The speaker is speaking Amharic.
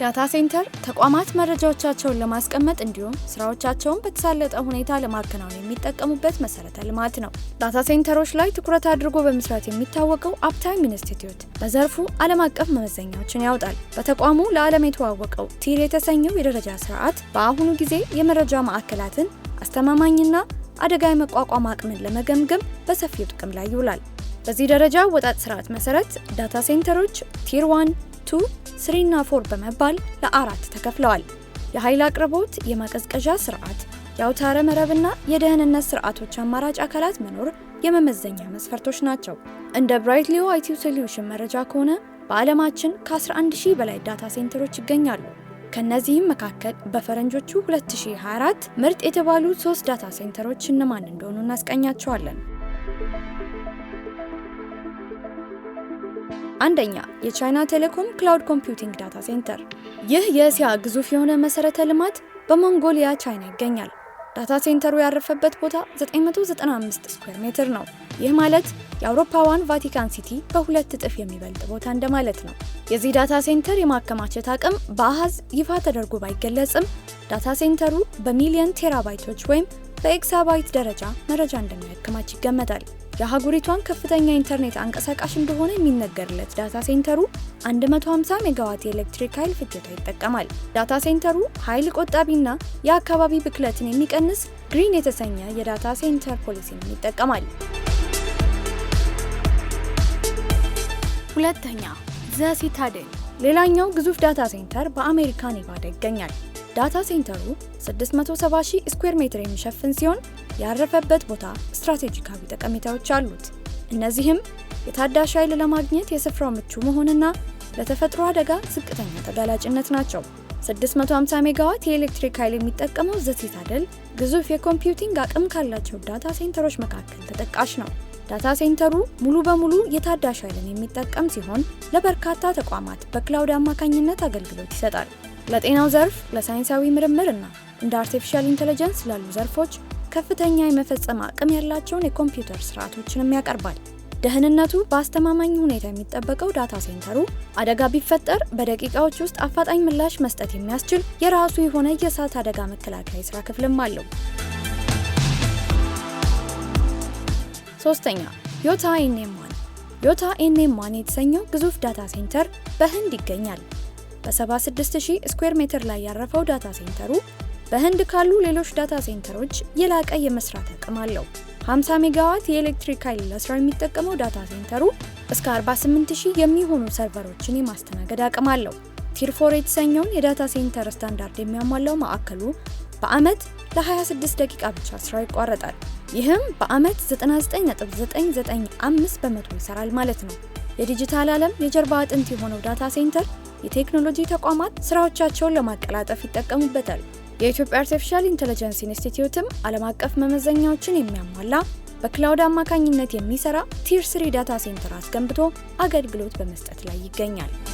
ዳታ ሴንተር ተቋማት መረጃዎቻቸውን ለማስቀመጥ እንዲሁም ስራዎቻቸውን በተሳለጠ ሁኔታ ለማከናወን የሚጠቀሙበት መሰረተ ልማት ነው። ዳታ ሴንተሮች ላይ ትኩረት አድርጎ በመስራት የሚታወቀው አፕታይም ኢንስቲትዩት በዘርፉ ዓለም አቀፍ መመዘኛዎችን ያወጣል። በተቋሙ ለዓለም የተዋወቀው ቲር የተሰኘው የደረጃ ስርዓት በአሁኑ ጊዜ የመረጃ ማዕከላትን አስተማማኝና አደጋ የመቋቋም አቅምን ለመገምገም በሰፊው ጥቅም ላይ ይውላል። በዚህ ደረጃ ወጣት ስርዓት መሰረት ዳታ ሴንተሮች ቲር ዋን ሁለቱ ስሪና ፎር በመባል ለአራት ተከፍለዋል። የኃይል አቅርቦት፣ የማቀዝቀዣ ስርዓት፣ የአውታረ መረብና የደህንነት ስርዓቶች አማራጭ አካላት መኖር የመመዘኛ መስፈርቶች ናቸው። እንደ ብራይትሊዮ አይቲ ሶሉሽን መረጃ ከሆነ በዓለማችን ከ11000 በላይ ዳታ ሴንተሮች ይገኛሉ። ከነዚህም መካከል በፈረንጆቹ 2024 ምርጥ የተባሉ ሶስት ዳታ ሴንተሮች እነማን እንደሆኑ እናስቀኛቸዋለን። አንደኛ የቻይና ቴሌኮም ክላውድ ኮምፒውቲንግ ዳታ ሴንተር። ይህ የእስያ ግዙፍ የሆነ መሰረተ ልማት በሞንጎሊያ ቻይና ይገኛል። ዳታ ሴንተሩ ያረፈበት ቦታ 995 ስኩዌር ሜትር ነው። ይህ ማለት የአውሮፓዋን ቫቲካን ሲቲ በሁለት እጥፍ የሚበልጥ ቦታ እንደማለት ነው። የዚህ ዳታ ሴንተር የማከማቸት አቅም በአሃዝ ይፋ ተደርጎ ባይገለጽም ዳታ ሴንተሩ በሚሊየን ቴራባይቶች ወይም በኤክሳባይት ደረጃ መረጃ እንደሚያከማች ይገመታል። የሀገሪቷን ከፍተኛ ኢንተርኔት አንቀሳቃሽ እንደሆነ የሚነገርለት ዳታ ሴንተሩ 150 ሜጋዋት የኤሌክትሪክ ኃይል ፍጆታ ይጠቀማል። ዳታ ሴንተሩ ኃይል ቆጣቢና የአካባቢ ብክለትን የሚቀንስ ግሪን የተሰኘ የዳታ ሴንተር ፖሊሲን ይጠቀማል። ሁለተኛ ዘ ሲታደል ሌላኛው ግዙፍ ዳታ ሴንተር በአሜሪካ ኔቫዳ ይገኛል። ዳታ ሴንተሩ 670,000 ስኩዌር ሜትር የሚሸፍን ሲሆን ያረፈበት ቦታ ስትራቴጂካዊ ጠቀሜታዎች አሉት። እነዚህም የታዳሽ ኃይል ለማግኘት የስፍራው ምቹ መሆንና ለተፈጥሮ አደጋ ዝቅተኛ ተጋላጭነት ናቸው። 650 ሜጋዋት የኤሌክትሪክ ኃይል የሚጠቀመው አደል ግዙፍ የኮምፒውቲንግ አቅም ካላቸው ዳታ ሴንተሮች መካከል ተጠቃሽ ነው። ዳታ ሴንተሩ ሙሉ በሙሉ የታዳሽ ኃይልን የሚጠቀም ሲሆን ለበርካታ ተቋማት በክላውድ አማካኝነት አገልግሎት ይሰጣል። ለጤናው ዘርፍ ለሳይንሳዊ ምርምር እና እንደ አርቲፊሻል ኢንተለጀንስ ላሉ ዘርፎች ከፍተኛ የመፈጸም አቅም ያላቸውን የኮምፒውተር ስርዓቶችንም ያቀርባል። ደህንነቱ በአስተማማኝ ሁኔታ የሚጠበቀው ዳታ ሴንተሩ አደጋ ቢፈጠር በደቂቃዎች ውስጥ አፋጣኝ ምላሽ መስጠት የሚያስችል የራሱ የሆነ የእሳት አደጋ መከላከያ የስራ ክፍልም አለው። ሶስተኛ ዮታ ኤንኤም ዋን ዮታ ኤንኤም ዋን የተሰኘው ግዙፍ ዳታ ሴንተር በህንድ ይገኛል። በ76000 ስኩዌር ሜትር ላይ ያረፈው ዳታ ሴንተሩ በህንድ ካሉ ሌሎች ዳታ ሴንተሮች የላቀ የመስራት አቅም አለው። 50 ሜጋዋት የኤሌክትሪክ ኃይል ለስራ የሚጠቀመው ዳታ ሴንተሩ እስከ 48000 የሚሆኑ ሰርቨሮችን የማስተናገድ አቅም አለው። ቲርፎር የተሰኘውን የዳታ ሴንተር ስታንዳርድ የሚያሟላው ማዕከሉ በአመት ለ26 ደቂቃ ብቻ ስራ ይቋረጣል። ይህም በአመት 99.995 በመቶ ይሰራል ማለት ነው። የዲጂታል ዓለም የጀርባ አጥንት የሆነው ዳታ ሴንተር የቴክኖሎጂ ተቋማት ስራዎቻቸውን ለማቀላጠፍ ይጠቀሙበታል። የኢትዮጵያ አርቲፊሻል ኢንተለጀንስ ኢንስቲትዩትም ዓለም አቀፍ መመዘኛዎችን የሚያሟላ በክላውድ አማካኝነት የሚሰራ ቲር ስሪ ዳታ ሴንተር አስገንብቶ አገልግሎት በመስጠት ላይ ይገኛል።